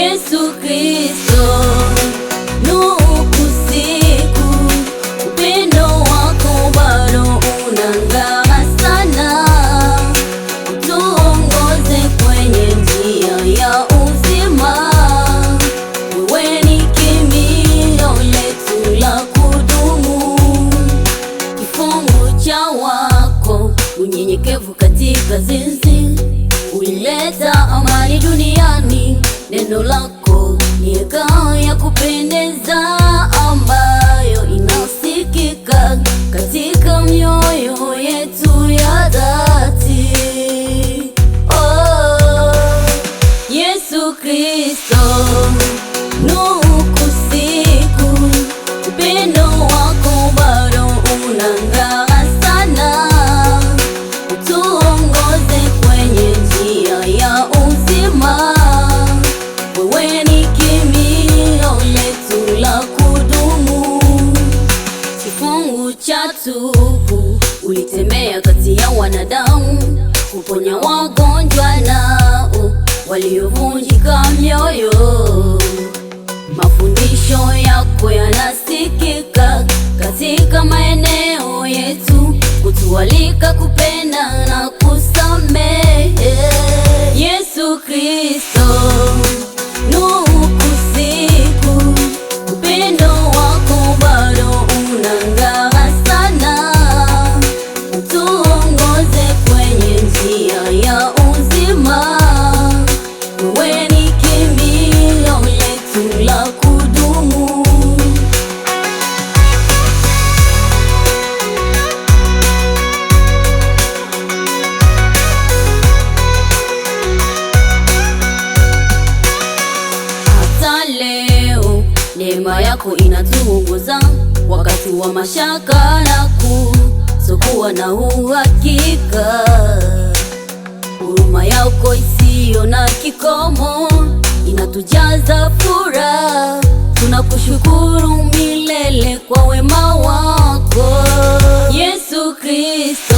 Yesu Kristo, nukusiku usiku, upendo wako bado unang'aa sana, utuongoze kwenye njia ya uzima, wewe ni kimbilio letu la kudumu, kifungu cha wako unyenyekevu katika zinzi, ulileta amani duniani pendo lako mieka ya kupendeza ambayo inasikika katika mioyo yetu ya dhati. Oh, Yesu Kristo nukusiku wako unang'aa sana, kwenye njia ya uzima uchatubu ulitembea kati ya wanadamu kuponya wagonjwa nao waliovunjika mioyo. Neema yako inatuongoza wakati wa mashaka na kusokuwa na uhakika. Huruma yako isiyo na kikomo inatujaza furaha. Tunakushukuru milele kwa wema wako Yesu Kristo.